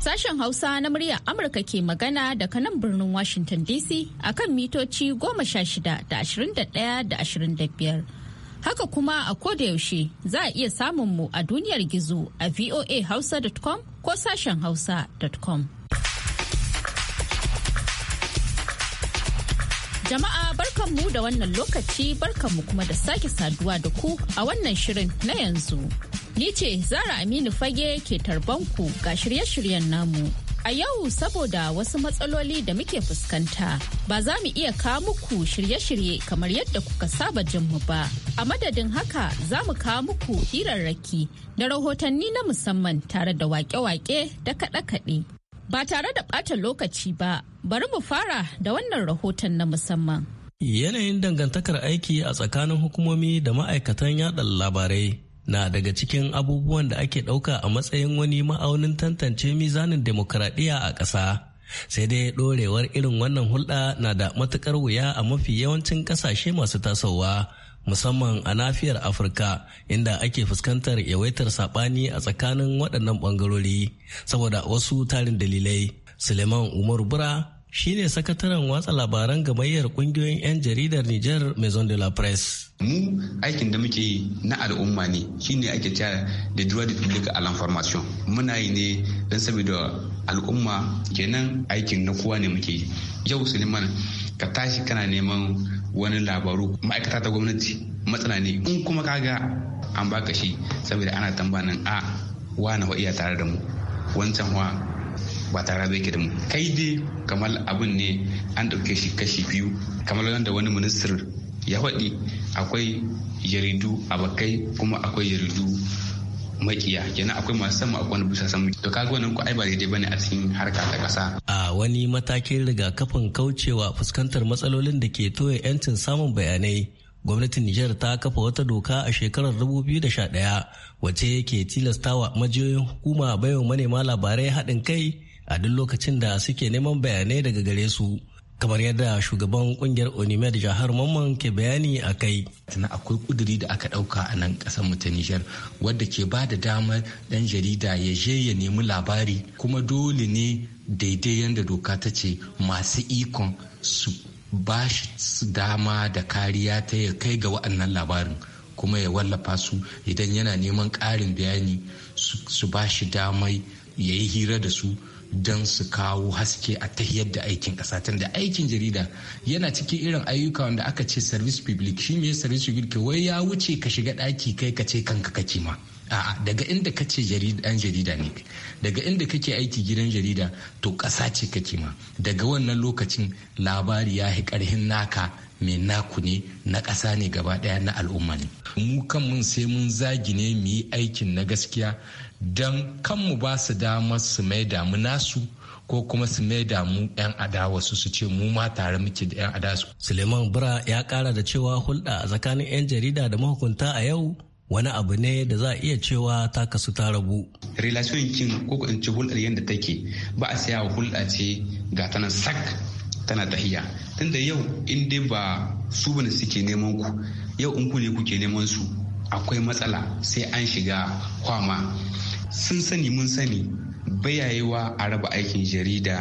Sashen Hausa na muryar Amurka ke magana daga nan birnin Washington DC akan mitoci goma sha shida da ashirin da daya da ashirin da biyar. Haka kuma a kodayaushe za a iya samunmu a duniyar gizo a voahausa.com ko sashen hausa.com. Jama'a barkanmu da wannan lokaci barkanmu kuma da sake saduwa da ku a wannan shirin na yanzu. Ni ce Zara Aminu Fage ke tarbanku ga shirye-shiryen namu. A yau saboda wasu matsaloli da muke fuskanta ba za mu iya kawo muku shirye-shirye kamar yadda kuka saba jin mu ba. A madadin haka za mu kawo muku hirarraki da rahotanni na musamman tare da wake-wake da kaɗe-kaɗe. Ba tare da ɓata lokaci ba, bari mu fara da wannan rahoton na musamman. Yanayin dangantakar aiki a tsakanin hukumomi da ma'aikatan yaɗa labarai na daga cikin abubuwan da ake ɗauka a matsayin wani ma'aunin tantance mizanin demokuraɗiyya a ƙasa. sai dai ɗorewar irin wannan hulɗa na da matuƙar wuya a mafi yawancin ƙasashe masu tasowa musamman a nafiyar afirka inda ake fuskantar yawaitar saɓani a tsakanin waɗannan ɓangarori saboda wasu tarin dalilai suleiman umar bura shine sakataren watsa labaran gamayyar ƙungiyoyin 'yan jaridar niger maison de la presse mu aikin da muke yi na al'umma ne shine ake cewa da droit de public à l'information muna yi ne don saboda al'umma kenan aikin na kowa ne muke yi yau suleiman ka tashi kana neman wani labaru ma'aikata ta gwamnati matsala ne in kuma ka ga an baka shi saboda ana tambanin a wani wa iya tare da mu wancan wa ba tare da yake da mu kai dai kamar abin ne an ɗauke shi kashi biyu kamar wanda wani ministir ya faɗi akwai jaridu bakai kuma akwai jaridu makiya kenan akwai masu sama akwai wani busa sama to kaga wannan ko ai ba daidai bane a cikin harka ta kasa a wani matakin rigakafin kaucewa fuskantar matsalolin da ke toye yancin samun bayanai gwamnatin Nijar ta kafa wata doka a shekarar 2011 wace ke tilastawa majiyoyin hukuma baiwa manema labarai haɗin kai a duk lokacin da suke neman bayanai daga gare su. kamar yadda shugaban kungiyar onimed jahar mamman ke bayani a kai tana akwai kuduri da aka dauka a nan kasar mu ta nijar wadda ke ba da damar dan jarida ya je ya nemi labari kuma dole ne daidai yadda doka ta ce masu ikon su ba shi dama da kariya ta ya kai ga wa'annan labarin kuma ya wallafa su idan yana neman ƙarin bayani su ba shi damai ya yi hira da su don su kawo haske a ta yadda aikin ƙasa tun aikin jarida yana cikin irin ayyuka wanda aka ce service public shi me service public wai ya wuce ka shiga ɗaki kai ka ce kanka kake ma a'a daga inda ka ce jaridan jarida ne daga inda kake aiki gidan jarida to ƙasa ce kake ma daga wannan lokacin labari ya hi ƙarhin naka mai naku ne na ƙasa ne gaba ɗaya na al'umma ne mu kan mun sai mun zagine mu yi aikin na gaskiya don kanmu ba su dama su mai damu nasu ko kuma su mai damu 'yan adawa su su ce mu ma tare muke da 'yan adawa suleiman bura ya kara da cewa hulɗa a tsakanin 'yan jarida da mahukunta a yau wani abu ne da za a iya cewa ta kasu ta rabu. relation kin ko in ci hulɗar yadda take ba a saya hulɗa ce ga tana sak tana tahiya tunda yau in dai ba su bane suke neman ku yau in ku ne kuke neman su akwai matsala sai an shiga kwama sun sani mun sani bayayewa a raba aikin jarida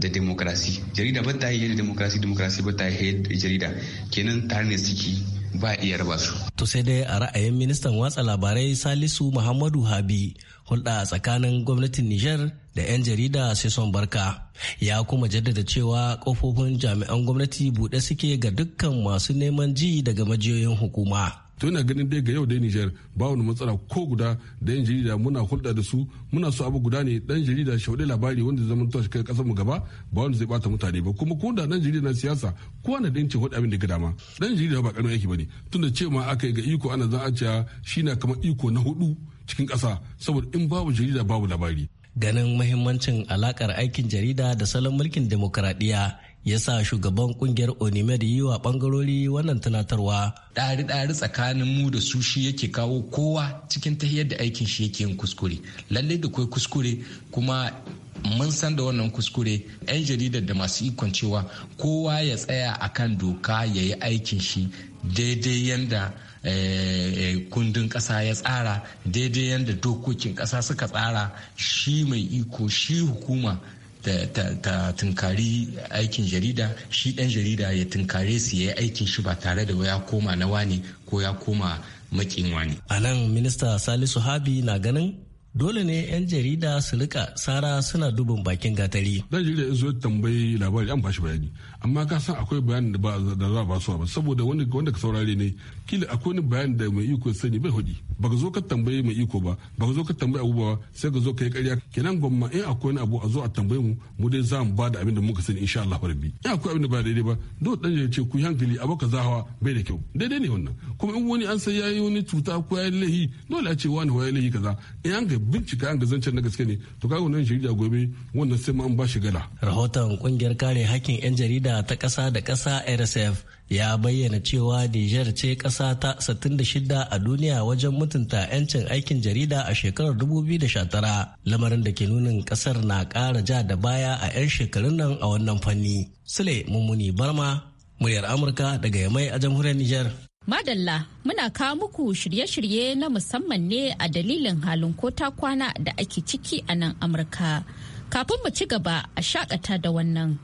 da demokrasi jarida ba ta yi da demokrasi demokrasi ba ta yi da jarida kenan tare ne suke ba iya raba su. To sai dai a ra'ayin ministan watsa labarai Salisu Muhammadu Habi hulɗa tsakanin gwamnatin niger da 'yan jarida sai son barka ya kuma jaddada cewa kofofin jami'an gwamnati buɗe suke ga dukkan masu neman ji daga majiyoyin hukuma. to ina ganin dai ga yau dai Nijar ba wani matsala ko guda da yan jarida muna hulɗa da su muna so abu guda ne dan jarida shaude labari wanda zaman to kai kasar mu gaba ba wanda zai bata mutane ba kuma ko da dan jarida na siyasa ko na din ce hudu abin da ga dama dan jarida ba karamin aiki bane tunda ce ma aka yi ga iko ana za aciya shi na kamar iko na hudu cikin kasa saboda in babu jarida babu labari ganin mahimmancin alakar aikin jarida da salon mulkin demokradiyya ya sa shugaban kungiyar onimed yi wa bangarori wannan tunatarwa ɗari-ɗari tsakanin mu da su shi yake kawo kowa cikin ta da aikin shi yake yin kuskure lallai da kai kuskure kuma mun san da wannan kuskure 'yan jaridar da masu ikon cewa kowa ya tsaya a kan doka ya yi aikin shi daidai yadda eh, kundin ƙasa ya tsara daidai yadda dokokin ƙasa suka tsara shi mai iko shi hukuma ta tunkari aikin jarida shi ɗan jarida ya tunkare su ya yi aikin shi ba tare da ya koma na wani ko ya koma makin wani. A nan minista Salisu Habi na ganin dole ne 'yan jarida su rika sara suna dubin bakin gatari. Dan jarida ya zo tambayi labari an bashi bayani amma ka san akwai bayanin da za a su ba saboda wani wanda ka saurare ne kila akwai wani bayanin da mai iko sani bai hudi ba ka zo ka tambaye mai iko ba ba ka zo ka tambaye abubuwa sai ka zo ka yi karya kenan gwamma in akwai wani abu a zo a tambaye mu mu dai za mu ba da abin da muka sani insha Allah rabbi in akwai abin da ba daidai ba dole dan ya ce ku hankali abu ka zahawa bai da kyau daidai ne wannan kuma in wani an ya yayi wani cuta ko yayi lahi dole a ce wani wani lahi kaza in an ga bincika an ga zancen na gaske ne to kaga wannan shirya gobe wannan sai ma an ba shi gala rahoton kungiyar kare hakkin yan jarida ta ƙasa da ƙasa rsf ya bayyana cewa Nijar ce kasa ta 66 a duniya wajen mutunta 'yancin aikin jarida a shekarar 2019 lamarin da ke nunin kasar na kara ja da baya a 'yan shekarun nan a wannan fanni. Sule Mummuni Barma, muryar Amurka daga Yamai a jamhuriyar Nijar. Madalla muna kawo muku shirye-shirye na musamman ne a dalilin halin ko ta kwana da ake ciki a nan Amurka. Kafin mu ci gaba a shakata da wannan.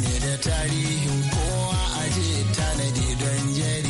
ne da tarihin kowa a je tanadi don jari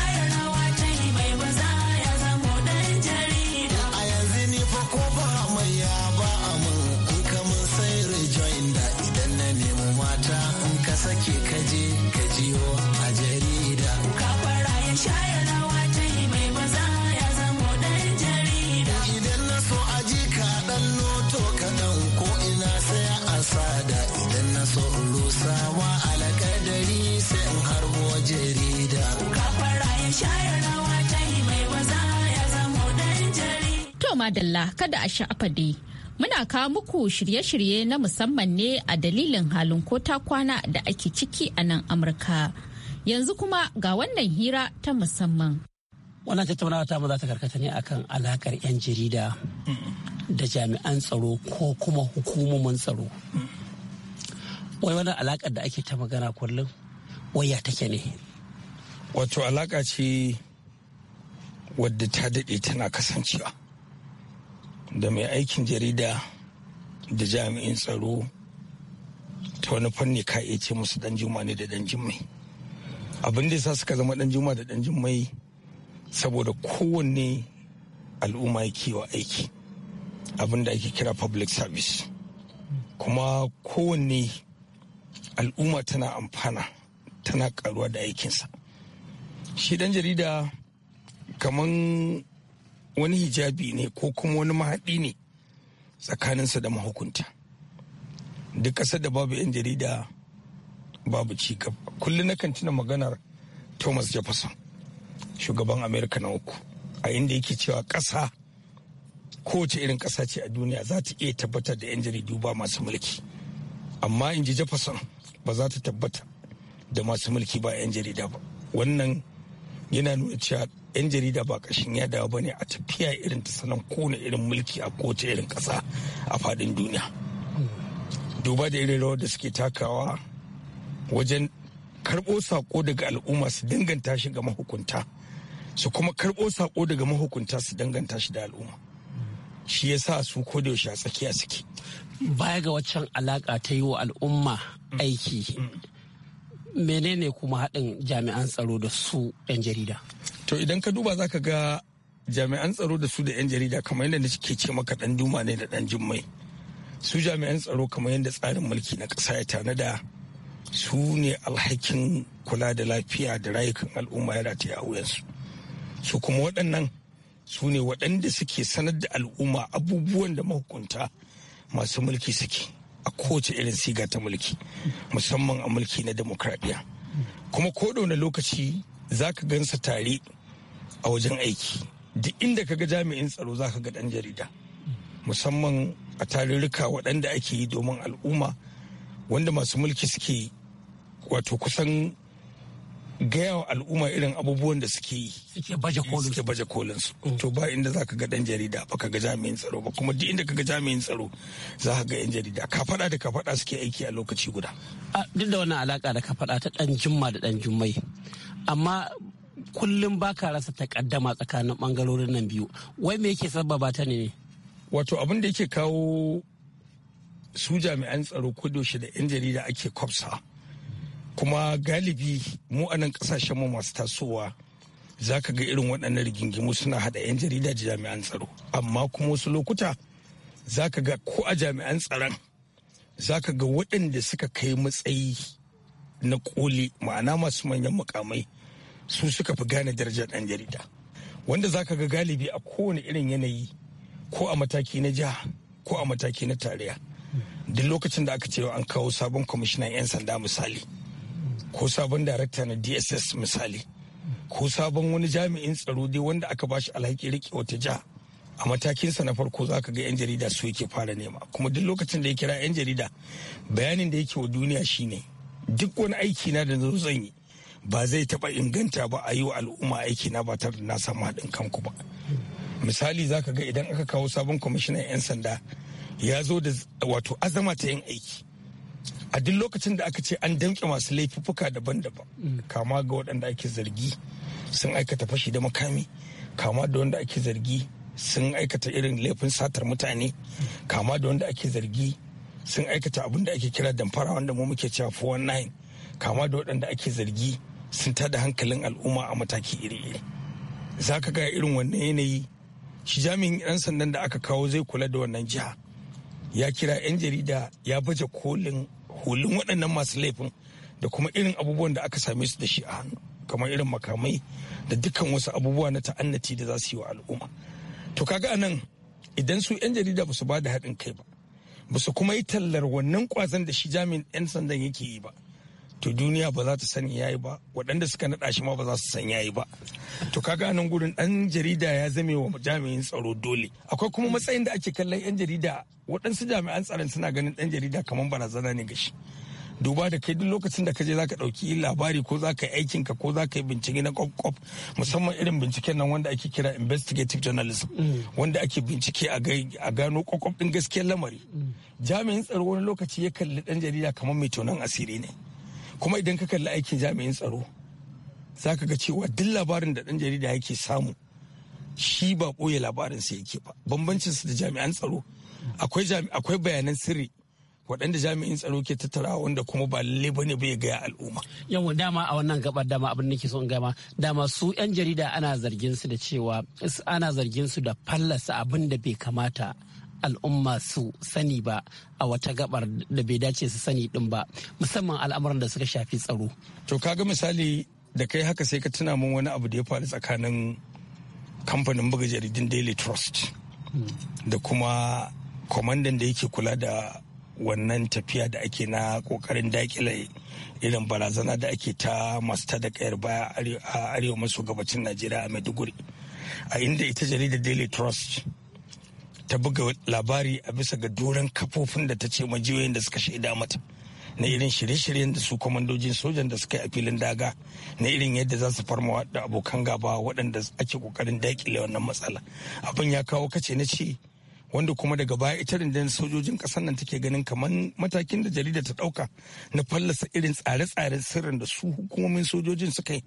night. madalla kada a sha'afa dai. Muna kawo muku shirye-shirye na musamman ne a dalilin halin ko ta kwana da ake ciki a nan Amurka. Yanzu kuma ga wannan hira ta musamman. Wannan tattaunawa ta za ta karkata ne akan alakar 'yan jarida da jami'an tsaro ko kuma hukumomin tsaro. Wai wannan alakar da ake ta magana kullum waya take ne. Wato alaka ce wadda ta daɗe tana kasancewa. da mai aikin jarida da jami'in tsaro ta wani fanni ka iya ce musu dan juma ne da dan jimmai abin da yasa suka zama dan juma da dan jimmai saboda kowanne al'umma yake wa aiki abin da ake kira public service kuma kowanne al'umma tana amfana tana karuwa da aikinsa shi dan jarida kaman wani hijabi ne ko kuma wani mahaɗi ne tsakaninsa da mahukunta duk ƙasar da babu 'yan jarida babu cigaba kullum na kan tuna maganar thomas jefferson shugaban amerika na uku a inda yake cewa ƙasa kowace irin ƙasa ce a duniya za ta iya tabbatar da 'yan jaridu ba masu mulki amma in ji jefferson ba za ta tabbata da masu mulki ba 'yan jarida ba wannan yana nuna cewa 'yan jarida ba kashin ya dawo bane a tafiya irin ta sanan kone irin mulki a kowace irin kasa a faɗin duniya duba da irin rawar da suke takawa wajen karbo sako daga al'umma su danganta shi ga mahukunta su kuma karɓo sako daga mahukunta su danganta shi da al'umma shi ya sa su ko da a tsakiya suke baya ga waccan alaka ta yi wa al'umma aiki mm. menene kuma haɗin jami'an tsaro da su 'yan jarida to idan ka duba za ka ga jami'an tsaro da su da 'yan jarida kamar yadda ke ce maka dan duma ne da dan jimmai su jami'an tsaro kamar yadda tsarin mulki na ƙasa ya tanada su ne alhakin kula da lafiya da rayukan al'umma ya rataya a wuyansu su kuma waɗannan su ne waɗanda suke sanar da al'umma abubuwan da mahukunta masu mulki suke a kowace irin siga ta mulki musamman a mulki na demokradiyya kuma ko lokaci za ka gansa tare a wajen aiki duk inda kaga jami'in tsaro za ka ga ɗan jarida musamman a tarurruka waɗanda ake yi domin al'umma wanda masu mulki suke wato kusan gaya wa al'umma irin abubuwan da suke yi suke baje kolin su mm. to ba inda zaka ga dan jarida ba ka ga jami'in tsaro ba kuma duk inda ka ga jami'in tsaro za ka ga yan jarida ka faɗa da ka faɗa suke aiki a lokaci guda duk da wannan alaka da ka faɗa ta dan jimma da dan jummai amma kullum baka rasa takaddama tsakanin bangarorin nan biyu wai me yake sababa ta ne wato abin da yake kawo su jami'an tsaro shi da 'yan jarida ake kwafsa kuma galibi mu a nan kasashen mu masu tasowa za ka ga irin waɗannan rigingimu suna haɗa 'yan jarida da jami'an tsaro amma kuma wasu lokuta za ka ga ko a jami'an tsaron za ka ga waɗanda suka kai matsayi na ƙoli ma'ana masu manyan mukamai su suka fi gane darajar ɗan jarida wanda za ka ga galibi a kowane irin yanayi ko a mataki na jiha ko a mataki na tariya. duk lokacin da aka ce an kawo sabon kwamishinan 'yan sanda misali ko sabon darakta na dss misali ko sabon wani jami'in tsaro dai wanda aka ba shi alhaki rike wata jiha a matakinsa na farko za ka ga 'yan jarida su yake fara nema kuma duk lokacin da ya kira 'yan jarida bayanin da yake wa duniya shine duk wani aiki na da zan yi ba zai taɓa inganta ba a yi wa al'umma aiki na ba tare da na samu haɗin kanku ba misali za ka ga idan aka kawo sabon kwamishinan 'yan sanda ya zo da wato azama ta yin aiki a duk lokacin da aka ce an damƙe masu laifuffuka daban-daban kama ga waɗanda ake zargi sun aikata fashi da makami kama da wanda ake zargi sun aikata irin laifin satar mutane kama da wanda ake zargi sun aikata abin da ake kira damfara wanda mu muke cewa 419 kama da waɗanda ake zargi sun tada hankalin al'umma a mataki iri-iri za ka ga irin wannan yanayi shi jami'in 'yan sandan da aka kawo zai kula da wannan jiha ya kira 'yan jarida ya baje kolin hulun waɗannan masu laifin da kuma irin abubuwan da aka same su da shi a hannu kamar irin makamai da dukkan wasu abubuwa na ta'annati da za su yi wa al'umma to kaga anan idan su 'yan jarida ba su ba da haɗin kai ba ba su kuma yi tallar wannan kwazon da shi jami'in 'yan sandan yake yi ba to duniya ba za ta sani yayi ba waɗanda suka naɗa shi ma ba za su san yayi ba to kaga nan gurin ɗan jarida ya zame wa jami'in tsaro dole akwai kuma matsayin da ake kallon 'yan jarida waɗansu jami'an tsaron suna ganin ɗan jarida kamar barazana ne ga shi duba da kai duk lokacin da ka je zaka ɗauki labari ko zaka yi aikin ka ko zaka yi bincike na kwaf musamman irin binciken nan wanda ake kira investigative journalism wanda ake bincike a gano kwakwaf ɗin gaskiyar lamari mm. jami'in tsaro wani lokaci ya kalli ɗan jarida kamar mai tonon asiri ne kuma idan ka kalli aikin jami'in tsaro za ka ga cewa duk labarin da ɗan jarida yake samu shi ba ɓoye labarin sa yake ba bambancin su da jami'an tsaro akwai bayanan sirri waɗanda jami'in tsaro ke tattara wanda kuma ba lalle bane bai gaya al'umma yawan dama a wannan gabar dama abin da ke son gama dama su yan jarida ana zargin su da cewa ana zargin su da fallasa abin da bai kamata al'umma su sani ba a wata gabar da bai dace su sani din ba musamman al'amuran da suka shafi tsaro. To kaga misali da kai haka sai ka tuna mun wani abu da ya faru tsakanin kamfanin buga jaridun Daily Trust da kuma kwamandan da yake kula da wannan tafiya da ake na kokarin dakile irin barazana da ake ta masu da kayar baya a arewa maso gabacin najeriya a maiduguri a inda ita jaridar daily trust ta buga labari a bisa ga doron kafofin da ta ce majiyoyin da suka shaida mata na irin shirye-shiryen da su kwamandojin sojan da suka yi a filin daga na irin yadda za su farmawa da abokan gaba waɗanda ake ƙoƙarin daƙile wannan matsala abin ya kawo kace na ce wanda kuma daga baya ita rundunar sojojin ƙasar nan take ganin kamar matakin da jarida ta ɗauka na fallasa irin tsare-tsaren sirrin da su hukumomin sojojin suka yi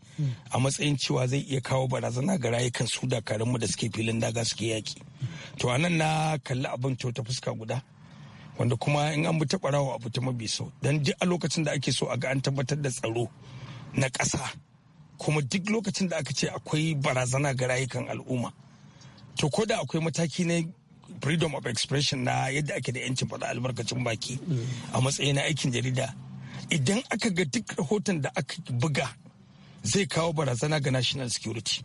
a matsayin cewa zai iya kawo barazana ga rayukan su dakarunmu da suke filin daga suke yaki. to a nan na kalli abin ta fuska guda wanda kuma in an bi ta barawa abu ta mabi so don duk a lokacin da ake so a ga an tabbatar da tsaro na ƙasa kuma duk lokacin da aka ce akwai barazana ga rayukan al'umma to ko da akwai mataki na freedom of expression na yadda ake da yancin faɗa albarkacin baki a matsayin aikin jarida idan aka ga duk rahoton da aka buga zai kawo barazana ga national security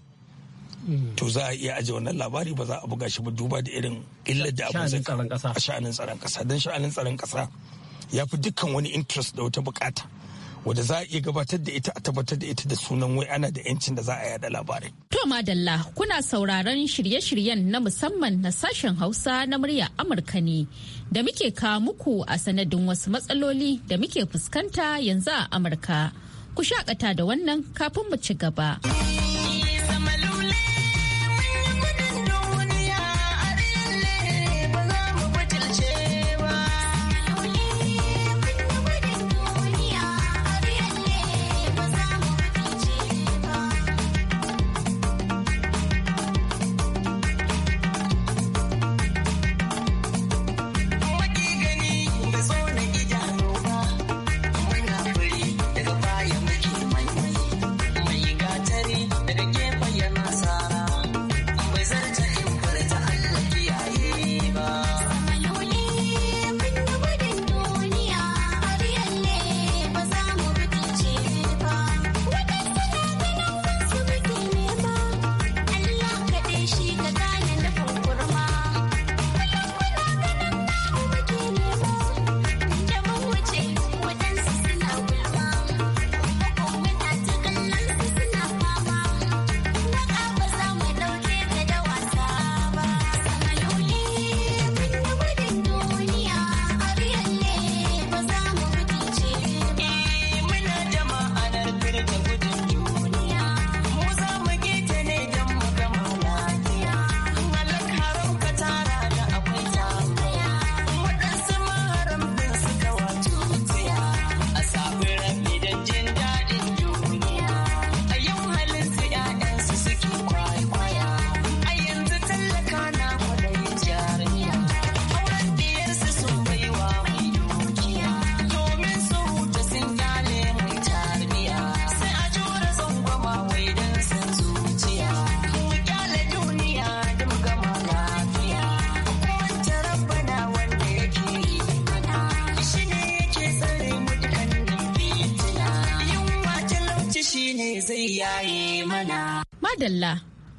to za a iya aje wannan labari ba za a buga shi ba duba da irin illar da abu zai a sha'anin tsaron kasa don sha'anin tsaron kasa ya fi dukkan wani interest da wata bukata wadda za a iya gabatar da ita a tabbatar da ita da sunan wai ana da yancin da za a yada labarai. To Madalla kuna sauraron shirye-shiryen na musamman na sashen Hausa na murya Amurka ne da muke kawo muku a sanadin wasu matsaloli da muke fuskanta yanzu a Amurka. Ku shakata da wannan kafin mu ci gaba.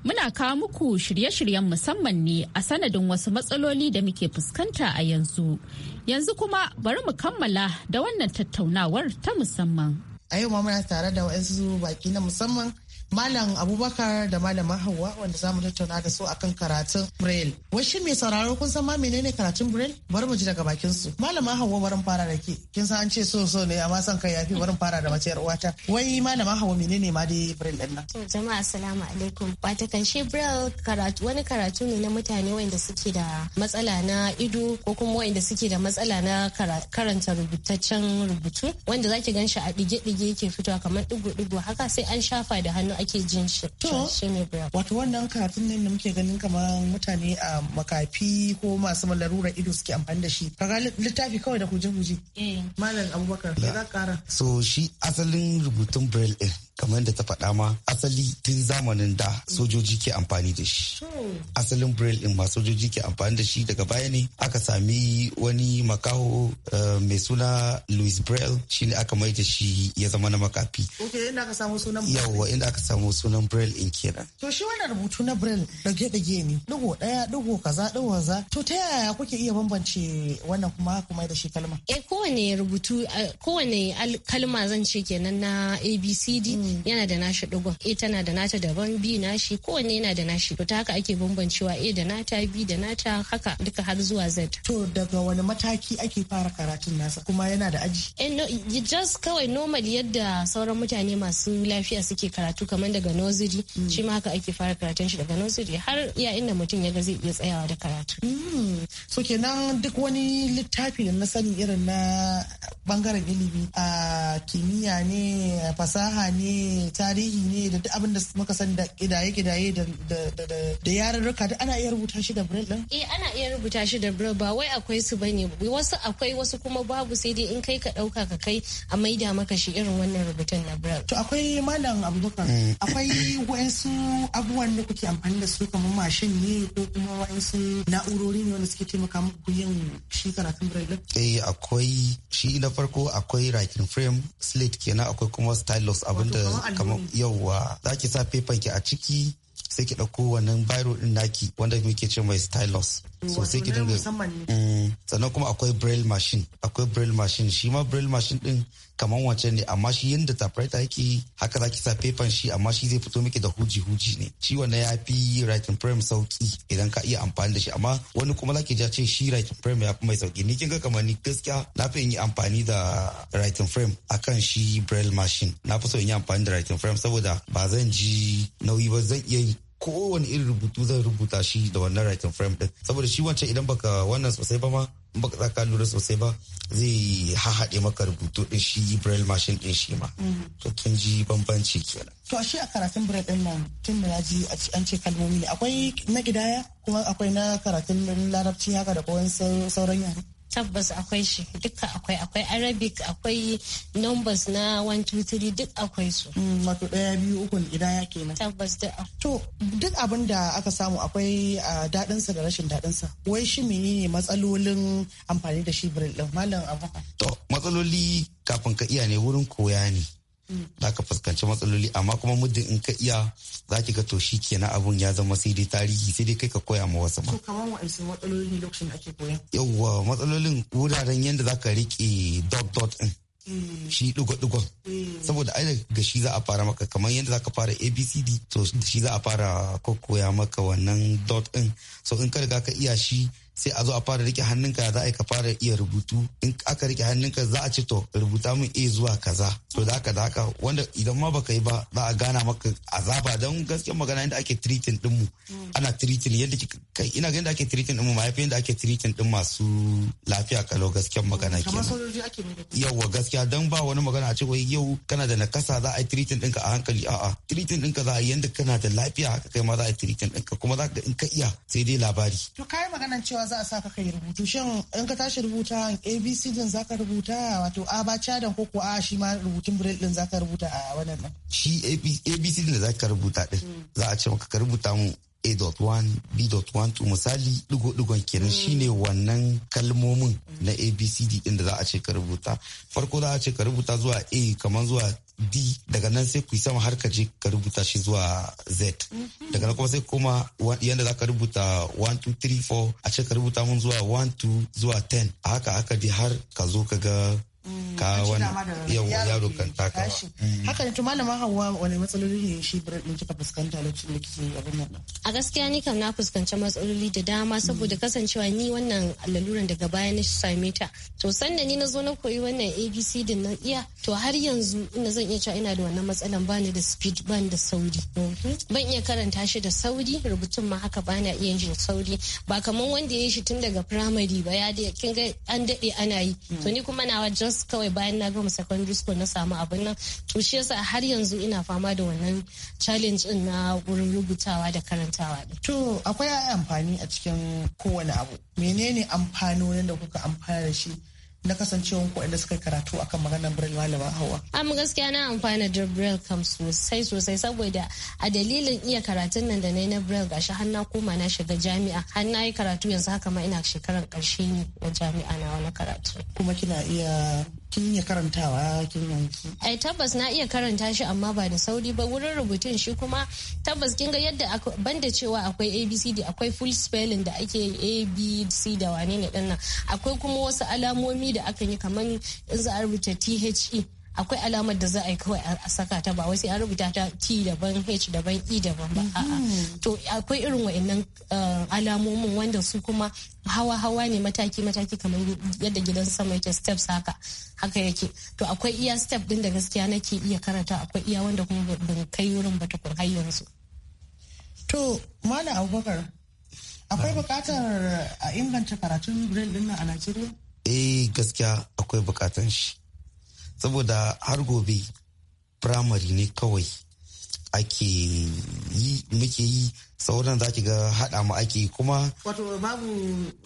Muna kawo muku shirye-shiryen musamman ne a sanadin wasu matsaloli da muke fuskanta a yanzu. Yanzu kuma bari mu kammala da wannan tattaunawar ta musamman. A yau ma muna tare da wasu baki na musamman Malam Abubakar da Malam Hauwa wanda za mu tattauna da su akan karatun Braille. Washi mai sauraro kun san ma menene karatun Braille? Bari mu ji daga bakin su. Malam Hauwa barin fara da ke. Kin san an ce so so ne amma san kai yafi barin fara da mace yar uwata. Wai Malam Hauwa menene ma dai Braille din nan? To jama'a assalamu alaikum. Wata kan shi Braille karatu wani karatu ne na mutane wanda suke da matsala na ido ko kuma wanda suke da matsala na karanta rubutaccen rubutu wanda zaki ganshi a dige-dige yake fitowa kamar digo-digo haka sai an shafa da hannu ake jin shi shine wato wannan karatun nan da muke ganin kamar mutane a makafi ko masu malarura ido suke amfani da shi kaga littafi kawai da huje eh malam abubakar ya ka kara so shi asalin rubutun braille kamar da ta faɗa ma asali tun zamanin da sojoji ke amfani da shi asalin braille ɗin ma sojoji ke amfani da shi daga baya ne aka sami wani makaho eh, mai suna louis braille shi ne aka mai da shi ya zama na makafi yawwa samu sunan inda aka samu sunan braille in kenan to shi wannan rubutu na braille dage dage ne digo daya digo kaza digo kaza to ta yaya kuke iya bambance wannan kuma kuma da shi kalma eh kowane rubutu eh, kowane kalma zan ce kenan na abcd yana da nashi digon a tana da nata daban b nashi kowanne yana da nashi to ta haka ake bambancewa a da nata b da nata haka duka har zuwa z to daga wani mataki ake fara karatun nasa kuma yana da aji eh no just kawai normal yadda sauran mutane masu lafiya suke karatu kamar daga nursery mm. shi ma haka ake fara karatun shi daga nursery har iya inda mutum ya ga zai iya tsayawa da karatu mm. so kenan duk wani littafi da na sani irin na bangaren ilimi a kimiyya ne fasaha ne tarihi ne da duk abin da muka san da kidaye kidaye da da yarurruka duk ana iya rubuta shi da braille din eh ana iya rubuta shi da braille ba wai akwai su bane wasu akwai wasu kuma babu sai dai in kai ka dauka ka kai a maida maka shi irin wannan rubutun na braille to akwai malam abubakar mm. akwai wayansu abubuwan da kuke amfani da su kamar mashin ne ko kuma wayansu na'urori ne wanda suke taimaka muku yin shi karatun braille eh akwai shi na farko akwai writing frame slate kenan akwai kuma stylus abinda kamar yauwa za ki sa fefan ki a ciki sai ki ɗauko wannan biro ɗin naki wanda muke ce mai stylus so sai ki dinga mm, sannan kuma akwai braille machine akwai braille machine shi ma braille machine ɗin kamar wancan ne amma shi yadda typewriter yake haka za ki sa fefan shi amma shi zai fito miki da huji huji ne shi wannan ya fi writing frame sauki idan ka iya amfani da shi amma wani kuma za ki ja ce shi writing frame ya fi mai sauki ni kin ga kamar ni gaskiya na fi yi amfani da writing frame akan shi braille machine na fi so in yi amfani da writing frame saboda ba zan ji nauyi ba zan iya yi kowane irin rubutu zan rubuta shi da wannan writing frame din saboda shi wancan idan baka wannan sosai ba ma baka za ka lura sosai ba zai hahaɗe maka rubutu ɗin shi braille machine ɗin shi ma mm-hmm. to kin ji bambanci kenan to shi a karatun braille ɗin nan tun da naji an ce kalmomi ne akwai na gidaya kuma akwai na karatun larabci haka da kowan sauran yare tabbas akwai shi duka akwai akwai arabic akwai numbers na 123 duk akwai su mm, wato daya biyu uku idan ya kenan tabbas da to duk abin da aka samu akwai dadin sa da rashin daɗinsa wai shi menene matsalolin amfani da shi birin din malam abu to matsaloli kafin ka iya ne wurin koya ne za ka fuskanci matsaloli amma kuma muddin in ka iya za ki ga to shi kenan abun ya zama sai dai tarihi sai dai kai ka koya ma wasu ma. kamar matsaloli lokacin koya. yawwa matsalolin wuraren yadda za ka riƙe dot dot ɗin. Mm. shi ɗigo-ɗigon. Mm. saboda ai ga shi za a fara maka kamar yadda za ka fara abcd to shi za a fara koya maka wannan dot ɗin so in ka riga ka iya shi sai a zo a fara rike hannunka za a ka fara iya rubutu in aka rike hannunka za a ce to rubuta mun a zuwa kaza to da haka da haka wanda idan ma baka yi ba za a gana maka azaba don gaskiyar magana yadda ake treating din mu mm. ana treating yadda kai ina ganin da ake treating din mu mahaifin yadda ake treating din masu lafiya kalo gaskiyar magana kenan yawa gaskiya don ba wani magana a ce wai yau kana da nakasa za a yi treating ɗinka a hankali a'a treating ɗinka za a yi yadda kana da lafiya haka kai ma za a yi treating ɗinka kuma za ka in ka iya sai dai labari to kai maganan cewa za a saka kai rubutu shin in ka tashi rubuta abc din za ka rubuta wato a ba cadan ko ko a shi ma rubutun braille din za ka rubuta a wannan din shi abc din da za ka rubuta din hmm. za a ce maka ka rubuta mu A.1, B.1 to misali digo-digon kenan hmm. shine wannan kalmomin na ABCD din da za a ce ka rubuta. Farko za a ce ka rubuta zuwa A kamar zuwa d daga nan sai ku yi sama har ka je ka rubuta shi zuwa z daga nan kuma sai kuma yadda za ka rubuta 1 2 3 4 a ce ka rubuta mun zuwa 1 2 zuwa 10 a haka haka di har ka zo ka ga kawo wani yaro kan taka ba. Mm. haka da ma hawa wani matsaloli ne shi bread kika fuskanta lokacin da kike abin nan a gaskiya ni kam na fuskanci matsaloli da dama saboda mm. kasancewa ni wannan laluran daga baya na same ta to sannan ni na zo na koyi wannan abc din na iya to har yanzu ina zan iya cewa ina da wannan matsalan bani da speed bani da sauri mm-hmm. ban iya karanta shi da sauri rubutun ma haka bana iya yin sauri ba kamar wanda ya yi shi tun daga primary ba ya da kin ga an dade ana yi mm. to ni kuma nawa just kawai bayan na gama secondary school na samu abin nan to shi yasa har yanzu ina fama da wannan challenge din na wurin rubutawa da karantawa to akwai amfani a cikin kowane abu menene amfanonin da kuka amfana da shi na kasancewan ku inda suka karatu akan maganar braille malama hawa amma gaskiya na amfana da braille kam sosai sosai saboda a dalilin iya karatun nan da na na braille gashi har na koma na shiga jami'a har na yi karatu yanzu haka ma ina shekaran karshe ne na jami'a na wani karatu kuma kina iya kin iya karantawa kin yanki ai tabbas na iya karanta shi amma ba da sauri ba wurin rubutun shi kuma tabbas kin ga yadda banda cewa akwai abcd akwai full spelling da ake abc da wane ne dinnan akwai kuma wasu alamomi kalmomi da akan yi kamar in za a rubuta THE akwai alamar da za a yi kawai a saka ta ba wasu an rubuta ta T daban H daban E daban ba a'a mm-hmm. to akwai irin wa'annan uh, alamomin wanda su kuma hawa-hawa ne mataki-mataki kamar yadda gidan sama yake steps haka haka yake to akwai iya step din da gaskiya nake iya karanta akwai iya wanda kuma ban kai wurin ba tukun har yanzu to malam abubakar akwai bukatar a inganta karatun braille din a najeriya eh gaskiya akwai bukatan shi saboda har gobe primary ne kawai ake yi muke yi sauran za ki ga hada mu ake kuma wato babu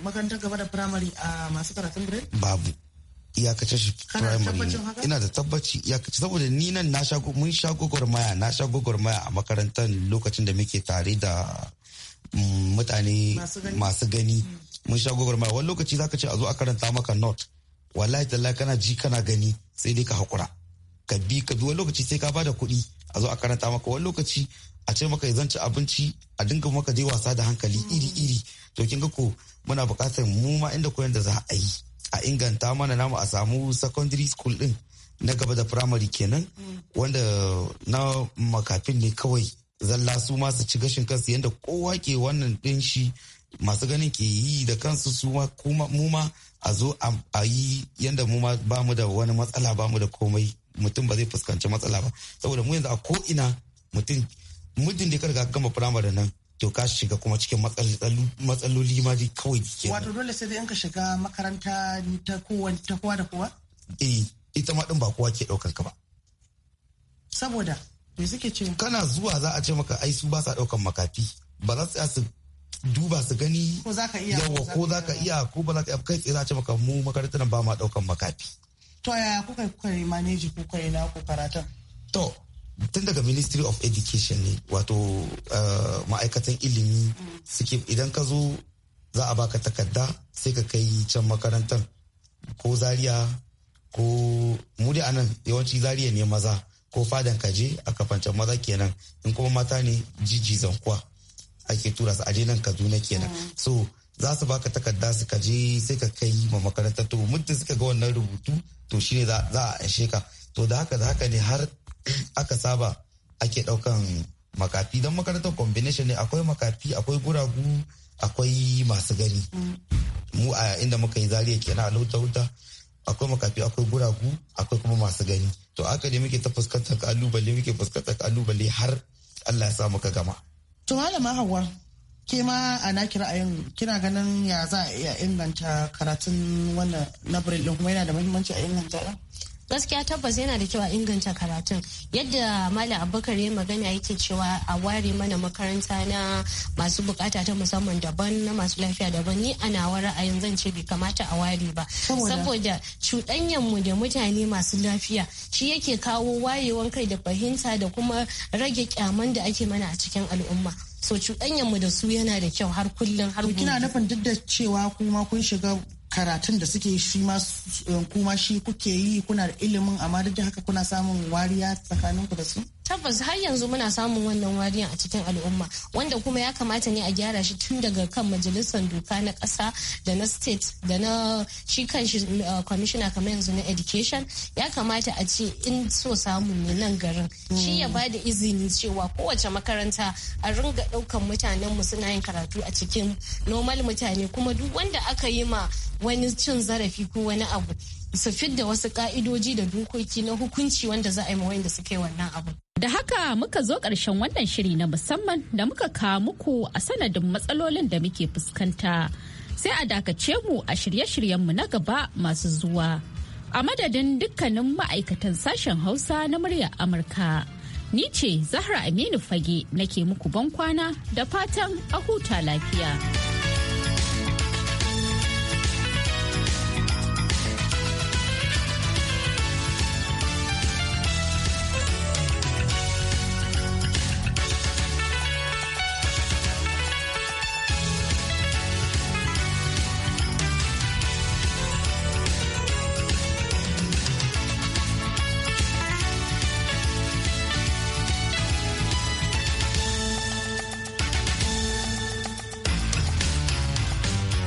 makarantar gaba da primary a masu karatun grade babu iyakacin shi primary ina da tabbaci iyakacin saboda ni nan na sha mun sha gwagwarmaya na sha gwagwarmaya a makarantar lokacin da muke tare da mm, mutane masu gani mm. mun sha gwagwarmaya wani lokaci zaka ce a zo a karanta maka not wallahi talla kana ji kana gani sai dai ka hakura ka bi ka bi wani lokaci sai ka bada kuɗi a zo a karanta maka wani lokaci a ce maka ya ci abinci a dinga maka je wasa da hankali mm. iri iri to kin ga ko muna buƙatar mu ma inda koyon da za a yi a inganta mana namu a samu secondary school din na gaba da primary kenan mm. wanda na makafin ne kawai zalla su ma su ci gashin kansu yadda kowa ke wannan din shi masu ganin ke yi da kansu su ma kuma mu ma a zo a yi yadda mu ma ba mu da wani matsala ba mu da komai mutum ba zai fuskanci matsala ba saboda mu yanzu a ko ina mutum mutum da ka riga gama firamare nan to ka shiga kuma cikin matsaloli ma dai kawai ke wato dole sai dai an ka shiga makaranta ta kowa ta kowa da kowa eh ita ma din ba kowa ke daukar ka ba saboda me suke ce kana zuwa za a ce maka ai su ba sa daukan makafi ba za su duba su gani yawa ko za ka iya ko ba za ka iya kai tsaye za a ce maka mu makarantar ba ma daukan makafi to ya kuka kuka yi maneji kai na ku karatun to tun daga ministry of education ne wato eh, ma'aikatan ilimi suke idan ka zo za a baka takarda sai ka kai can makarantar ko zaria ko mu da anan yawanci zaria ne maza ko fadan kaje a kafancan maza kenan in kuma mata ne jiji zankuwa ake tura su aje nan kaduna kenan mm. so za su baka takarda su kaje sai ka kai ma makarantar to muddin suka ga wannan rubutu to shine za a aishe ka to da haka da haka ne har aka saba ake daukan makafi don makarantar combination ne akwai makafi akwai guragu akwai masu gani mm. mu a inda muka yi zariya kenan a lauta wuta akwai makafi akwai guragu akwai kuma masu gani to aka ne muke ta fuskantar kalubale muke fuskantar kalubale har Allah ya sa muka gama to malama hawa ke ma a naki kina ganin ya za a iya inganta karatun wannan na din kuma yana da muhimmanci a inganta gaskiya tabbas yana da kyau a inganta karatun yadda malam abubakar ya magana yake cewa a ware mana makaranta na masu bukata ta musamman daban na masu lafiya daban ni a nawa ra'ayin zan ce bai kamata a ware ba saboda cuɗanyan mu da mutane masu lafiya shi yake kawo wayewan kai da fahimta da kuma rage kyaman da ake mana a cikin al'umma so cuɗanyan mu da su yana da kyau har kullum har kina nufin duk da cewa kuma kun shiga karatun da suke shi ma eh, kuma shi kuke yi kuna da ilimin amma duk haka kuna samun wariya tsakanin ku da su tabbas har yanzu muna samun wannan wariyan a cikin al'umma wanda kuma ya kamata ne a gyara shi tun daga kan majalisar doka na kasa da na state da na shi kan shi eh, commissioner kamar yanzu na education ya kamata a ce in so samu ne nan garin shi ya mm. ba da izini cewa kowace makaranta a ringa ɗaukan mutanen mu suna yin karatu a cikin normal mutane kuma duk wanda aka yi ma wani cin zarafi ko wani abu su fidda wasu ka'idoji da dokoki na hukunci wanda za a yi wanda suka yi wannan abu. Da haka muka zo ƙarshen wannan shiri na musamman da muka kawo muku a sanadin matsalolin da muke fuskanta. Sai a dakace mu a shirye-shiryenmu na gaba masu zuwa. A madadin dukkanin ma'aikatan sashen Hausa na muryar Amurka. Ni ce Zahra Aminu Fage nake muku bankwana da fatan a huta lafiya.